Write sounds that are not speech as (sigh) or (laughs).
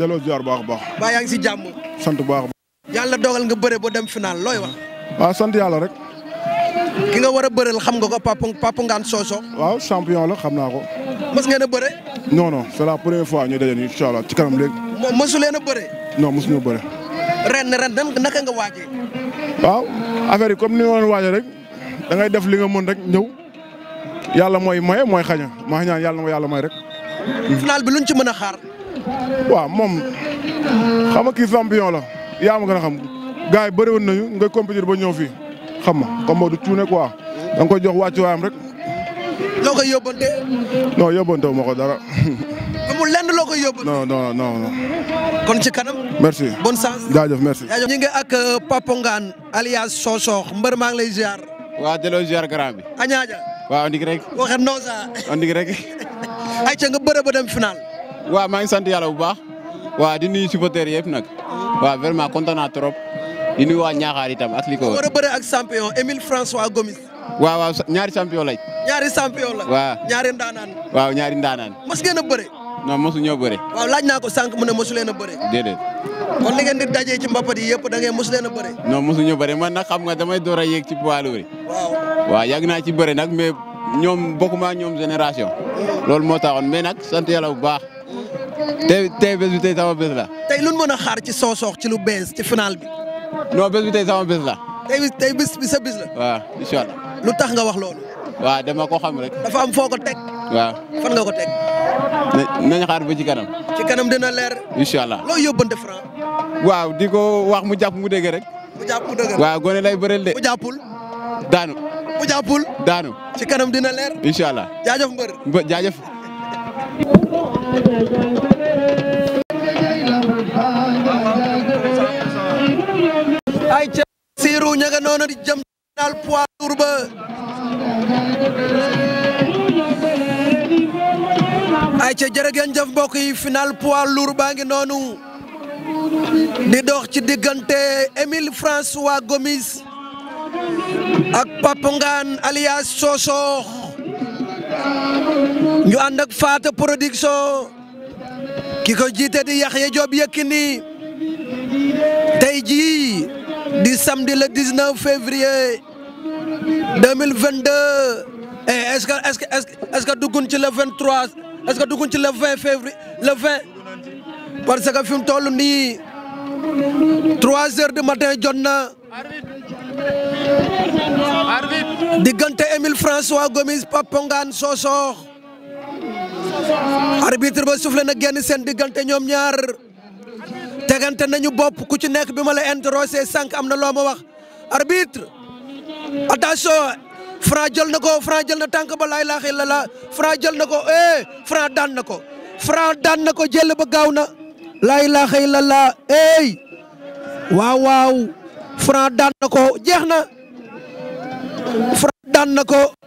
delloo ziar baax a baax. waa yaa ngi si jàmm. sant bu baax a yàlla dogal nga bëre ba dem final looy wax. waaw sant yàlla rek. ki nga war a bëreel xam nga ko Papa Papa Ngane Sossokh. waaw champion la xam naa ko. mës ngeen a bëre. non non c'est la première fois ñu daje nii incha allah ci kanam léegi. mësu leen a bëre. non mësuñu bëre. ren ren nan naka nga waajee. waaw affaire yi comme ni ma leen rek dangay ngay def li nga mën rek ñëw yàlla mooy maye mooy xaña ma ngi ñaan yàlla na may rek. final bi luñ ci mën a xaar. waaw moom xam nga kii champion la yaa xam gars yi bëriwoon nañu ngay compétir ba ñëw fii xam nga comme moom du cuune quoi da nga koy jox rek. loo yóbbante. non yóbbante wu ma ko dara. amul lenn loo yóbbante. non non kon ci kanam. merci bonne chance. jaajëf merci. ak euh, Papa Ngane alias Sossokh mbër maa ngi lay ziar. waa delloo ziar grand bi. añaaja. waaw andi rek. waxee Noosa. andi rek. (laughs) ayca nga bëre ba waaw maa ngi sant yàlla bu baax waaw di nuyu supporters yëpp nag waaw vraiment kontaan trop di nuyu waa Ñaaxaar itam ak ko war a bëre ak champion Émile François Gomis. waaw waaw ñaari champion lañ. ñaari champion la. waaw ñaari ndaanaan. waaw ñaari ndaanaan. mos ngeen a bëre. non mosu ñoo bëre. waaw laaj ko sànq mu ne mosu leen a bëre. déedéet. ci mbapat yi yëpp da ngeen mosu leen a bëre. non mosu ñu man nag xam nga damay door a yéeg ci poids lourd. waaw waaw yàgg naa ci bëre nag mais ñoom bokkuma ñoom génération. Mm. loolu moo taxoon sant yàlla bu baax. tey tey bi tey sama bés la. tey lu mën a xaar ci soosoox ci lu bees ci final bi. non bés bi tey sama bés la. tey tey bés bi sa la. lu tax nga wax loolu. waa dema ko xam rek. dafa am foo ko teg. waaw fan nga ko teg. nañ xaar bu ci kanam. ci kanam dina leer. incha allah loo yóbbante waaw di ko wax mu jàpp mu dégg rek. mu jàpp mu dégg waaw gone lay bëreel de. mu jàppul. daanu. daanu. ci kanam dina leer. incha allah. jaajëf mbër. mbë jaajëf. ay ca siiru ña mbokk yi final poids lourd baa ngi noonu di dox ci diggante Émile François Gomis ak Pape Ngane alias Sossokh ñu ànd ak Faata production ki ko jiite di Yaxya Joob Yékini tey jii di samedi le 19 février 2022 et eh, est-ce que est-ce que est duggun ci le 23 est-ce que duggun ci la 20 février le 20 parce que fi mu toll nii 3 heures du matin jot na. diggante Émile François Gomis Papongane Sossokh arbitre ba soufflé na génn seen diggante ñoom ñaar tegante nañu bopp ku ci nekk bi ma la interrogé sànq am na loo ma wax arbitre attention Franc jël na ko Franc jël na tànk ba laa ilaaha illallaah Franc jël na ko eh Franc daan na ko Franc daan ko jël ba gaaw na laa ilaaha illallaah eh waaw waaw Franc daan na ko jeex na Franc daan na ko